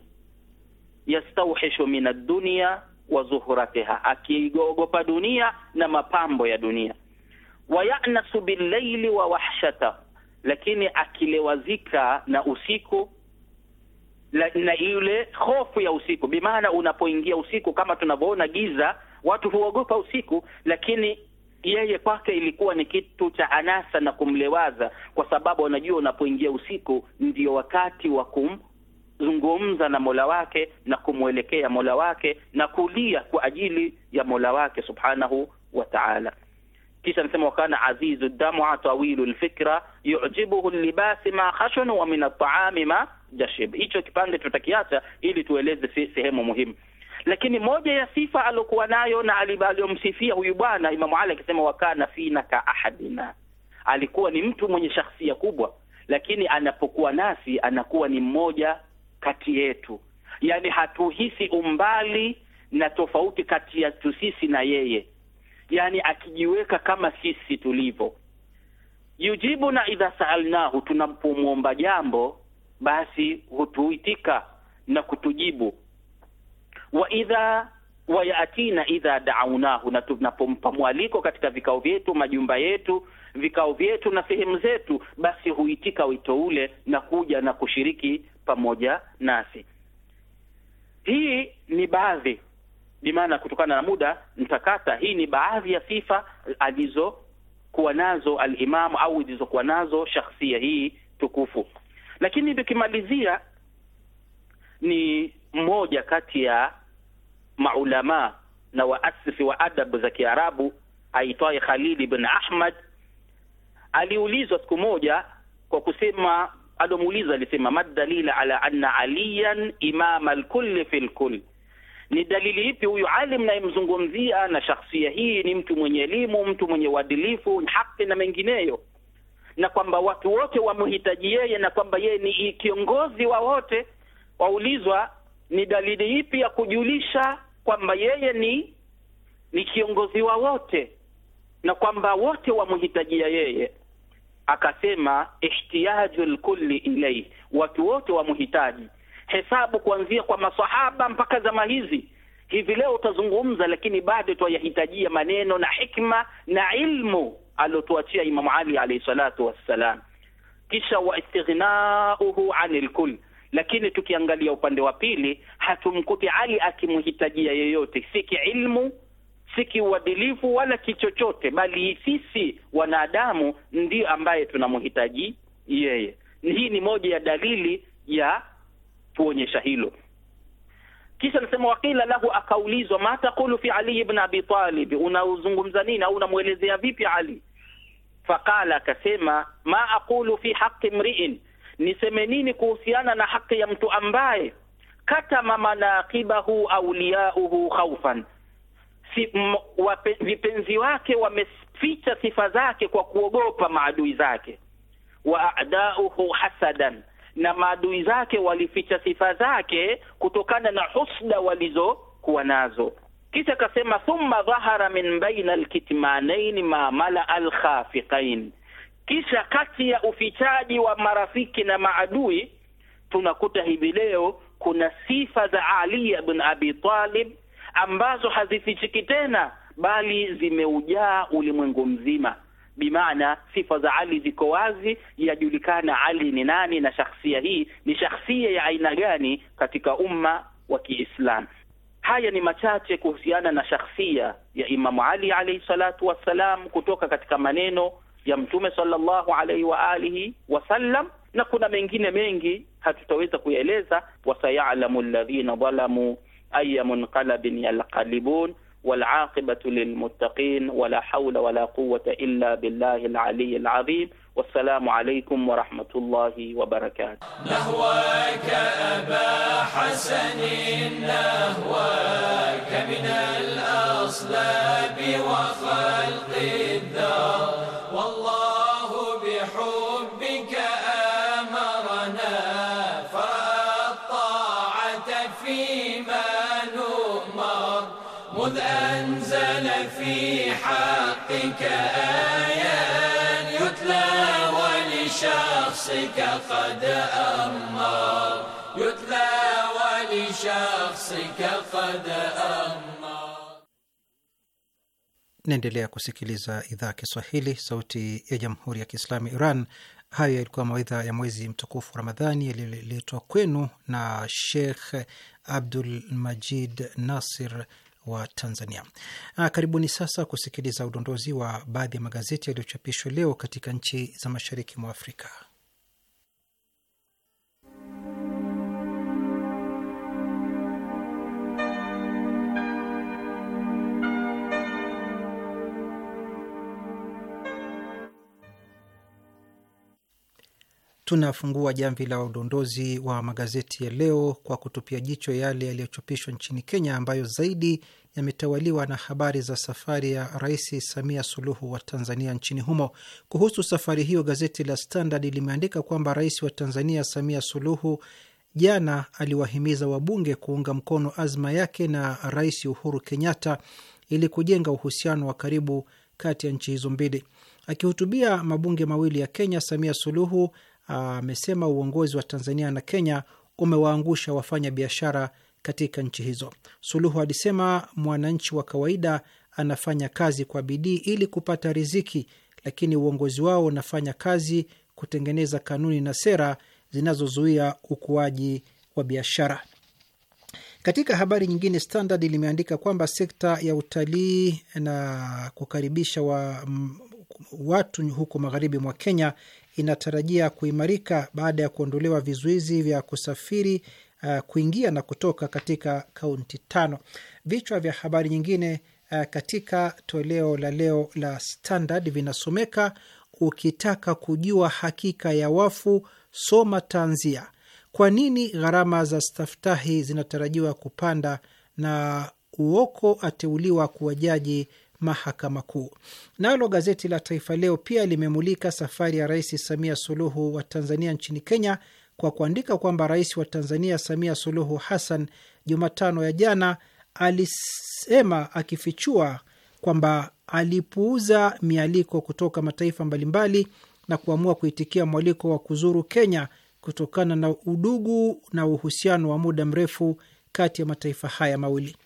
yastauhishu min ad-dunya wa zuhuratiha, akiogopa dunia na mapambo ya dunia. Wayanasu billaili wa wahshata, lakini akilewazika na usiku la, na ile hofu ya usiku, bimaana unapoingia usiku, kama tunavyoona giza, watu huogopa usiku, lakini yeye kwake ilikuwa ni kitu cha anasa na kumlewaza, kwa sababu anajua unapoingia usiku ndio wakati wa kumzungumza na Mola wake na kumwelekea Mola wake na kulia kwa ajili ya Mola wake subhanahu wa ta'ala. Kisha anasema wakana azizu damu tawilu lfikra yujibuhu libasi ma khashun wa min at'ami ma jashib. Hicho kipande tutakiacha ili tueleze sehemu muhimu. Lakini moja ya sifa aliokuwa nayo na aliyomsifia huyu bwana Imamu Ali akisema, wakana fina ka ahadina, alikuwa ni mtu mwenye shakhsia kubwa, lakini anapokuwa nasi anakuwa ni mmoja kati yetu, yani hatuhisi umbali na tofauti kati yetu sisi na yeye, yani akijiweka kama sisi tulivyo. Yujibu na idha saalnahu, tunapomwomba jambo basi hutuitika na kutujibu wa idha wayatina idha daaunahu, na tunapompa mwaliko katika vikao vyetu, majumba yetu, vikao vyetu na sehemu zetu, basi huitika wito ule na kuja na kushiriki pamoja nasi. Hii ni baadhi bimaana, kutokana na muda nitakata. Hii ni baadhi ya sifa alizokuwa nazo alimamu au ilizokuwa nazo shakhsia hii tukufu, lakini nikimalizia ni mmoja kati ya maulamaa na waasisi wa adabu za Kiarabu aitwaye Khalid ibn Ahmad aliulizwa siku moja kwa kusema, alomuuliza alisema, madalila ala anna aliyan imama alkulli fi lkul, ni dalili ipi huyu alim nayemzungumzia na shakhsia hii ni mtu mwenye elimu, mtu mwenye uadilifu, haki na mengineyo, na kwamba watu wote wamhitaji yeye, na kwamba yeye ni kiongozi wa wote. Waulizwa ni dalili ipi ya kujulisha kwamba yeye ni ni kiongozi wa wote na kwamba wote wamhitajia yeye. Akasema ihtiyaju lkulli ilaihi, watu wote wamhitaji. Hesabu kuanzia kwa masahaba mpaka zama hizi hivi leo utazungumza, lakini bado twayahitajia maneno na hikma na ilmu aliotuachia Imamu Ali alayhi salatu wassalam. Kisha waistighnauhu anil kull lakini tukiangalia upande wa pili, hatumkuti Ali akimhitajia yeyote, si kiilmu, si kiuadilifu, wala kichochote, bali sisi wanadamu ndio ambaye tunamhitaji yeye. Hii ni moja ya dalili ya kuonyesha hilo. Kisha anasema waqila lahu, akaulizwa ma taqulu fi Ali ibn Abi Talib, unauzungumza nini au unamwelezea vipi Ali? Faqala, akasema ma aqulu fi haqqi mri'in niseme nini kuhusiana na haki ya mtu ambaye katama manaqibahu auliyauhu khaufan si, wape, vipenzi wake wameficha sifa zake kwa kuogopa maadui zake wa adauhu hasadan na maadui zake walificha sifa zake kutokana na husda walizokuwa nazo kisha akasema thumma dhahara min baina alkitmanaini ma malaa alkhafiqain kisha kati ya ufichaji wa marafiki na maadui tunakuta hivi leo kuna sifa za Ali bin Abi Talib ambazo hazifichiki tena, bali zimeujaa ulimwengu mzima. Bimaana sifa za Ali ziko wazi, yajulikana Ali ni nani na shakhsia hii ni shakhsia ya aina gani katika umma wa Kiislamu. Haya ni machache kuhusiana na shakhsia ya Imamu Ali alayhi salatu wassalam, kutoka katika maneno ya Mtume sallallahu alaihi wa alihi wasallam, na kuna mengine mengi hatutaweza kuyaeleza. wasayalamu alladhina dhalamu aya munqalabin yalqalibun walaqibatu lilmuttaqin wala hawla wala quwwata illa billahi alali alazim. Wassalamu alaykum wa rahmatullahi wa barakatuh. Nahwaka aba hasanin nahwaka min al-aslab wa khalqi بحق كآيان يتلى ولشخصك قد أمر يتلى ولشخصك قد أمر Naendelea kusikiliza idhaa ya Kiswahili, sauti ya jamhuri ya kiislamu Iran. Hayo yalikuwa mawaidha ya mwezi mtukufu Ramadhani yaliyoletwa kwenu na Sheikh Abdul Majid Nasir wa Tanzania. Aa, ah, karibuni sasa kusikiliza udondozi wa baadhi ya magazeti yaliyochapishwa leo katika nchi za mashariki mwa Afrika. Tunafungua jamvi la udondozi wa magazeti ya leo kwa kutupia jicho yale yaliyochapishwa nchini Kenya, ambayo zaidi yametawaliwa na habari za safari ya Rais Samia Suluhu wa Tanzania nchini humo. Kuhusu safari hiyo, gazeti la Standard limeandika kwamba Rais wa Tanzania Samia Suluhu jana aliwahimiza wabunge kuunga mkono azma yake na Rais Uhuru Kenyatta ili kujenga uhusiano wa karibu kati ya nchi hizo mbili. Akihutubia mabunge mawili ya Kenya, Samia Suluhu amesema uongozi wa Tanzania na Kenya umewaangusha wafanya biashara katika nchi hizo. Suluhu alisema mwananchi wa kawaida anafanya kazi kwa bidii ili kupata riziki, lakini uongozi wao unafanya kazi kutengeneza kanuni na sera zinazozuia ukuaji wa biashara. Katika habari nyingine, Standard limeandika kwamba sekta ya utalii na kukaribisha wa, watu huko magharibi mwa Kenya inatarajia kuimarika baada ya kuondolewa vizuizi vya kusafiri uh, kuingia na kutoka katika kaunti tano. Vichwa vya habari nyingine uh, katika toleo la leo la Standard vinasomeka ukitaka kujua hakika ya wafu soma tanzia. Kwa nini gharama za staftahi zinatarajiwa kupanda? Na Uoko ateuliwa kuwa jaji mahakama kuu. Nalo gazeti la Taifa Leo pia limemulika safari ya Rais Samia Suluhu wa Tanzania nchini Kenya kwa kuandika kwamba Rais wa Tanzania Samia Suluhu Hassan Jumatano ya jana alisema akifichua kwamba alipuuza mialiko kutoka mataifa mbalimbali na kuamua kuitikia mwaliko wa kuzuru Kenya kutokana na udugu na uhusiano wa muda mrefu kati ya mataifa haya mawili.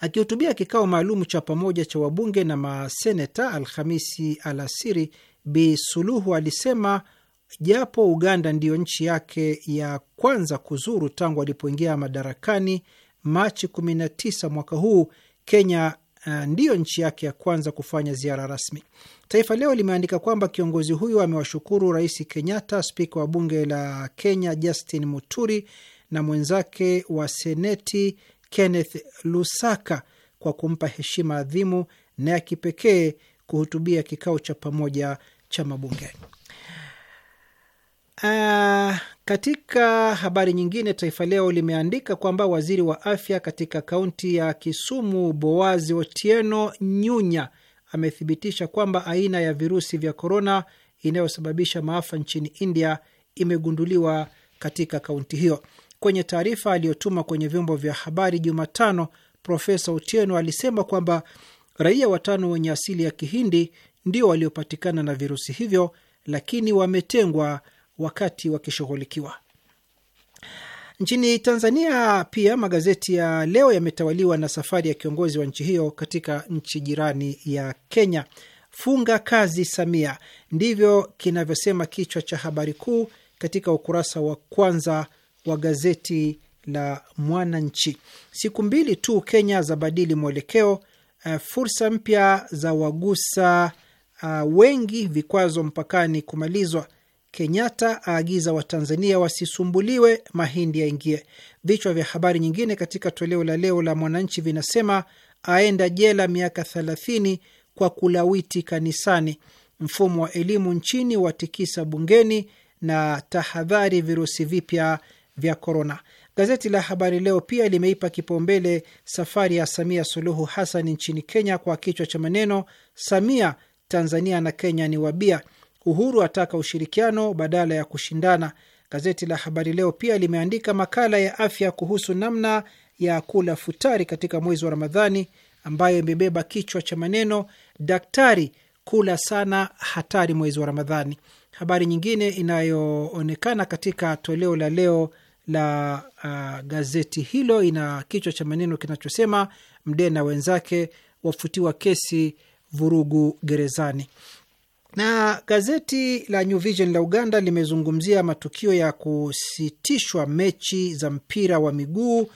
Akihutubia kikao maalum cha pamoja cha wabunge na maseneta Alhamisi alasiri, Bi Suluhu alisema japo Uganda ndiyo nchi yake ya kwanza kuzuru tangu alipoingia madarakani Machi 19 mwaka huu, Kenya uh, ndiyo nchi yake ya kwanza kufanya ziara rasmi. Taifa Leo limeandika kwamba kiongozi huyu amewashukuru Rais Kenyatta, spika wa bunge la Kenya Justin Muturi na mwenzake wa seneti Kenneth Lusaka kwa kumpa heshima adhimu na ya kipekee kuhutubia kikao cha pamoja cha mabungeni. Uh, ah, katika habari nyingine, Taifa Leo limeandika kwamba waziri wa afya katika kaunti ya Kisumu Boazi Otieno Nyunya amethibitisha kwamba aina ya virusi vya korona inayosababisha maafa nchini India imegunduliwa katika kaunti hiyo. Kwenye taarifa aliyotuma kwenye vyombo vya habari Jumatano, Profesa Otieno alisema kwamba raia watano wenye asili ya Kihindi ndio waliopatikana na virusi hivyo, lakini wametengwa wakati wakishughulikiwa. Nchini Tanzania pia magazeti ya leo yametawaliwa na safari ya kiongozi wa nchi hiyo katika nchi jirani ya Kenya. Funga kazi Samia, ndivyo kinavyosema kichwa cha habari kuu katika ukurasa wa kwanza wa gazeti la Mwananchi. Siku mbili tu Kenya za badili mwelekeo. Uh, fursa mpya za wagusa uh, wengi. Vikwazo mpakani kumalizwa. Kenyatta aagiza Watanzania wasisumbuliwe, mahindi yaingie. Vichwa vya habari nyingine katika toleo la leo la Mwananchi vinasema aenda jela miaka thelathini kwa kulawiti kanisani, mfumo wa elimu nchini watikisa bungeni, na tahadhari virusi vipya vya korona. Gazeti la Habari Leo pia limeipa kipaumbele safari ya Samia Suluhu Hassan nchini Kenya kwa kichwa cha maneno, Samia, Tanzania na Kenya ni wabia, Uhuru ataka ushirikiano badala ya kushindana. Gazeti la Habari Leo pia limeandika makala ya afya kuhusu namna ya kula futari katika mwezi wa Ramadhani, ambayo imebeba kichwa cha maneno, daktari, kula sana hatari mwezi wa Ramadhani. Habari nyingine inayoonekana katika toleo la leo la uh, gazeti hilo ina kichwa cha maneno kinachosema Mdee na wenzake wafutiwa kesi vurugu gerezani. Na gazeti la New Vision la Uganda limezungumzia matukio ya kusitishwa mechi za mpira wa miguu uh,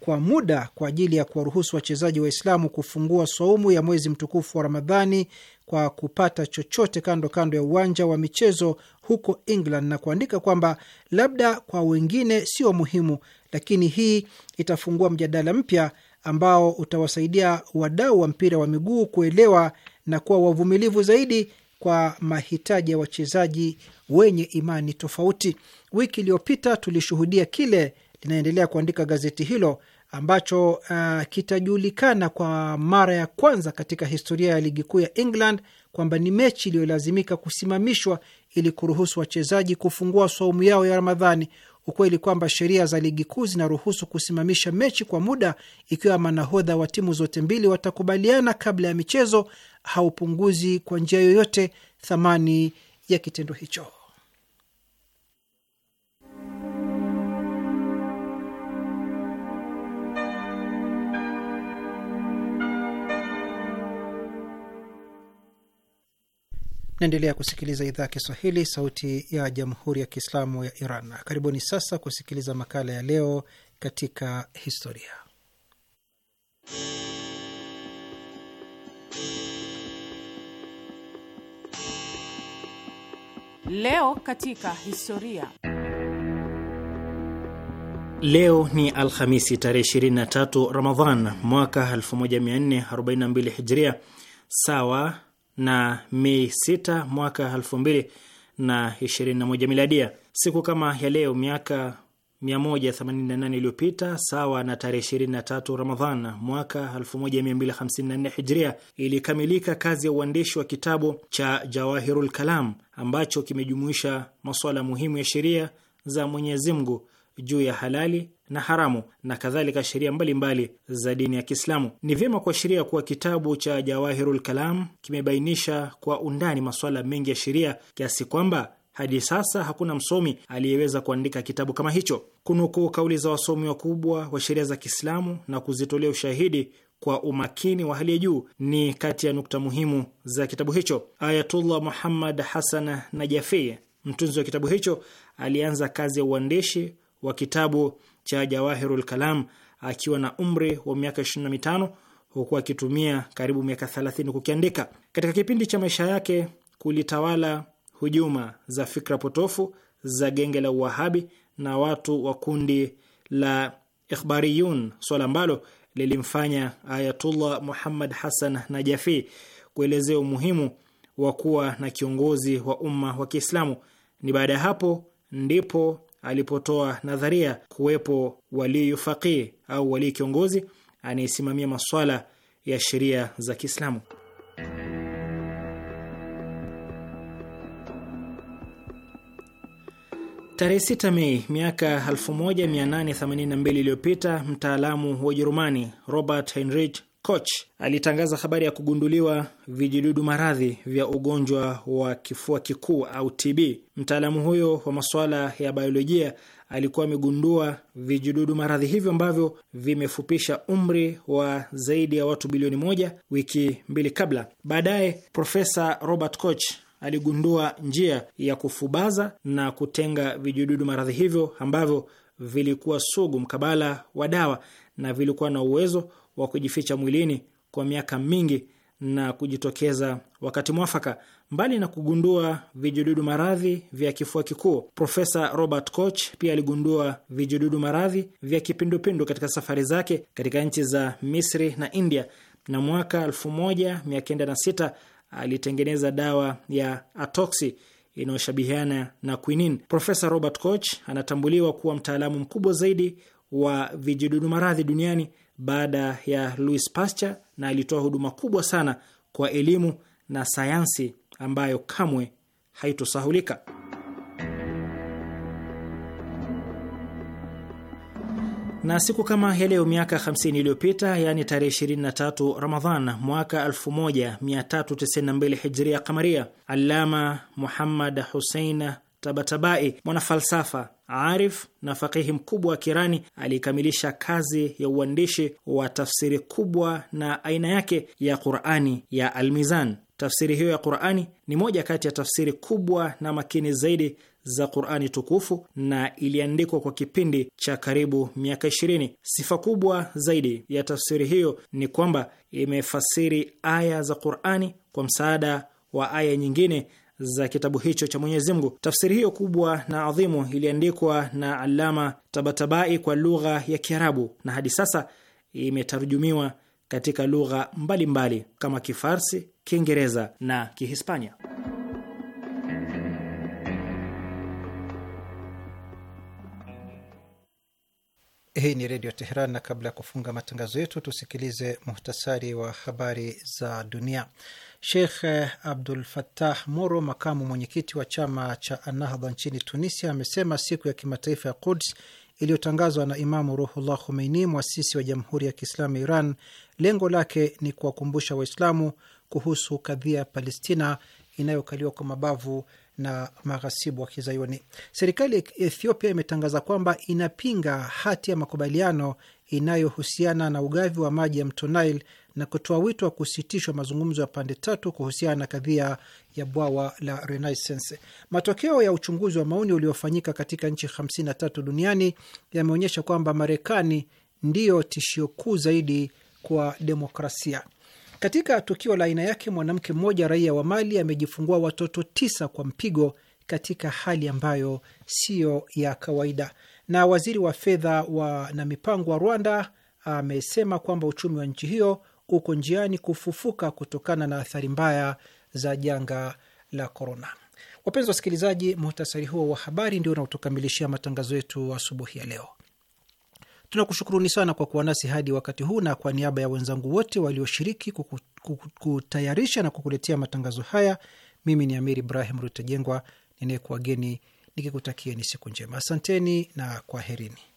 kwa muda kwa ajili ya kuwaruhusu wachezaji Waislamu kufungua saumu ya mwezi mtukufu wa Ramadhani kwa kupata chochote kando kando ya uwanja wa michezo huko England na kuandika kwamba labda kwa wengine sio muhimu, lakini hii itafungua mjadala mpya ambao utawasaidia wadau wa mpira wa miguu kuelewa na kuwa wavumilivu zaidi kwa mahitaji ya wachezaji wenye imani tofauti. Wiki iliyopita tulishuhudia kile linaendelea kuandika gazeti hilo ambacho uh, kitajulikana kwa mara ya kwanza katika historia ya ligi kuu ya England kwamba ni mechi iliyolazimika kusimamishwa ili kuruhusu wachezaji kufungua saumu yao ya Ramadhani. Ukweli kwamba sheria za ligi kuu zinaruhusu kusimamisha mechi kwa muda ikiwa manahodha wa timu zote mbili watakubaliana kabla ya michezo haupunguzi kwa njia yoyote thamani ya kitendo hicho. Naendelea kusikiliza idhaa ya Kiswahili, sauti ya jamhuri ya kiislamu ya Iran. Karibuni sasa kusikiliza makala ya leo, katika historia. Leo katika historia. Leo ni Alhamisi tarehe 23 Ramadhan mwaka 1442 Hijria, sawa na Mei 6 mwaka 2021 miladia. Siku kama ya leo miaka 188 iliyopita, sawa na tarehe 23 Ramadhan mwaka 1254 Hijria, ilikamilika kazi ya uandishi wa kitabu cha Jawahirul Kalam ambacho kimejumuisha masuala muhimu ya sheria za Mwenyezi Mungu juu ya halali na haramu na kadhalika sheria mbalimbali za dini ya Kiislamu. Ni vyema kuashiria kuwa kitabu cha Jawahirul Kalam kimebainisha kwa undani masuala mengi ya sheria kiasi kwamba hadi sasa hakuna msomi aliyeweza kuandika kitabu kama hicho. Kunukuu kauli za wasomi wakubwa wa sheria za Kiislamu na kuzitolea ushahidi kwa umakini wa hali ya juu ni kati ya nukta muhimu za kitabu hicho. Ayatullah Muhammad Hassan Najafi, mtunzi wa kitabu hicho, alianza kazi ya uandishi wa kitabu cha Jawahirul Kalam akiwa na umri wa miaka 25 huku akitumia karibu miaka 30 kukiandika. Katika kipindi cha maisha yake kulitawala hujuma za fikra potofu za genge la Uwahabi na watu wa kundi la Ikhbariyun, swala ambalo lilimfanya Ayatullah Muhammad Hassan Najafi kuelezea umuhimu wa kuwa na kiongozi wa umma wa Kiislamu. Ni baada ya hapo ndipo alipotoa nadharia kuwepo walii faqih au walii kiongozi anayesimamia maswala ya sheria za Kiislamu. Tarehe 6 Mei miaka 1882 iliyopita mtaalamu wa Ujerumani Robert Heinrich Koch alitangaza habari ya kugunduliwa vijidudu maradhi vya ugonjwa wa kifua kikuu au TB. Mtaalamu huyo wa masuala ya biolojia alikuwa amegundua vijidudu maradhi hivyo ambavyo vimefupisha umri wa zaidi ya watu bilioni moja wiki mbili kabla. Baadaye Profesa Robert Koch aligundua njia ya kufubaza na kutenga vijidudu maradhi hivyo ambavyo vilikuwa sugu mkabala wa dawa na vilikuwa na uwezo wa kujificha mwilini kwa miaka mingi na kujitokeza wakati mwafaka. Mbali na kugundua vijidudu maradhi vya kifua kikuu, Profesa Robert Koch pia aligundua vijidudu maradhi vya kipindupindu katika safari zake katika nchi za Misri na India, na mwaka 1906 alitengeneza dawa ya atoksi inayoshabihiana na quinin. Profesa Robert Koch anatambuliwa kuwa mtaalamu mkubwa zaidi wa vijidudu maradhi duniani baada ya Louis Pasteur na alitoa huduma kubwa sana kwa elimu na sayansi ambayo kamwe haitosahulika. Na siku kama ya leo miaka 50 iliyopita, yaani tarehe 23 Ramadhan mwaka 1392 Hijria Kamaria, Allama Muhammad Husein Tabatabai, mwanafalsafa arif na fakihi mkubwa wa Kirani aliyekamilisha kazi ya uandishi wa tafsiri kubwa na aina yake ya Qurani ya Almizan. Tafsiri hiyo ya Qurani ni moja kati ya tafsiri kubwa na makini zaidi za Qurani tukufu na iliandikwa kwa kipindi cha karibu miaka 20. Sifa kubwa zaidi ya tafsiri hiyo ni kwamba imefasiri aya za Qurani kwa msaada wa aya nyingine za kitabu hicho cha Mwenyezi Mungu. Tafsiri hiyo kubwa na adhimu iliandikwa na Alama Tabatabai kwa lugha ya Kiarabu na hadi sasa imetarujumiwa katika lugha mbalimbali kama Kifarsi, Kiingereza na Kihispania. Hii ni Redio Teheran, na kabla ya kufunga matangazo yetu tusikilize muhtasari wa habari za dunia. Sheikh eh, Abdul Fattah Moro, makamu mwenyekiti wa chama cha Anahdha nchini Tunisia, amesema siku ya kimataifa ya Quds iliyotangazwa na Imamu Ruhullah Khomeini, mwasisi wa Jamhuri ya Kiislamu ya Iran, lengo lake ni kuwakumbusha Waislamu kuhusu kadhia ya Palestina inayokaliwa kwa mabavu na maghasibu wa Kizayuni. Serikali ya Ethiopia imetangaza kwamba inapinga hati ya makubaliano inayohusiana na ugavi wa maji ya mto Nile na kutoa wito wa kusitishwa mazungumzo ya pande tatu kuhusiana na kadhia ya bwawa la Renaissance. Matokeo ya uchunguzi wa maoni uliofanyika katika nchi 53 duniani yameonyesha kwamba Marekani ndiyo tishio kuu zaidi kwa demokrasia. Katika tukio la aina yake, mwanamke mmoja raia wa Mali amejifungua watoto tisa kwa mpigo katika hali ambayo siyo ya kawaida. Na waziri wa fedha wa na mipango wa Rwanda amesema kwamba uchumi wa nchi hiyo uko njiani kufufuka kutokana na athari mbaya za janga la korona. Wapenzi wasikilizaji, muhtasari huo wa habari ndio unaotukamilishia matangazo yetu asubuhi ya leo. Tunakushukuruni sana kwa kuwa nasi hadi wakati huu, na kwa niaba ya wenzangu wote walioshiriki kutayarisha na kukuletea matangazo haya, mimi ni amir Ibrahim Rutajengwa ninayekuwageni nikikutakia ni siku njema. Asanteni na kwaherini.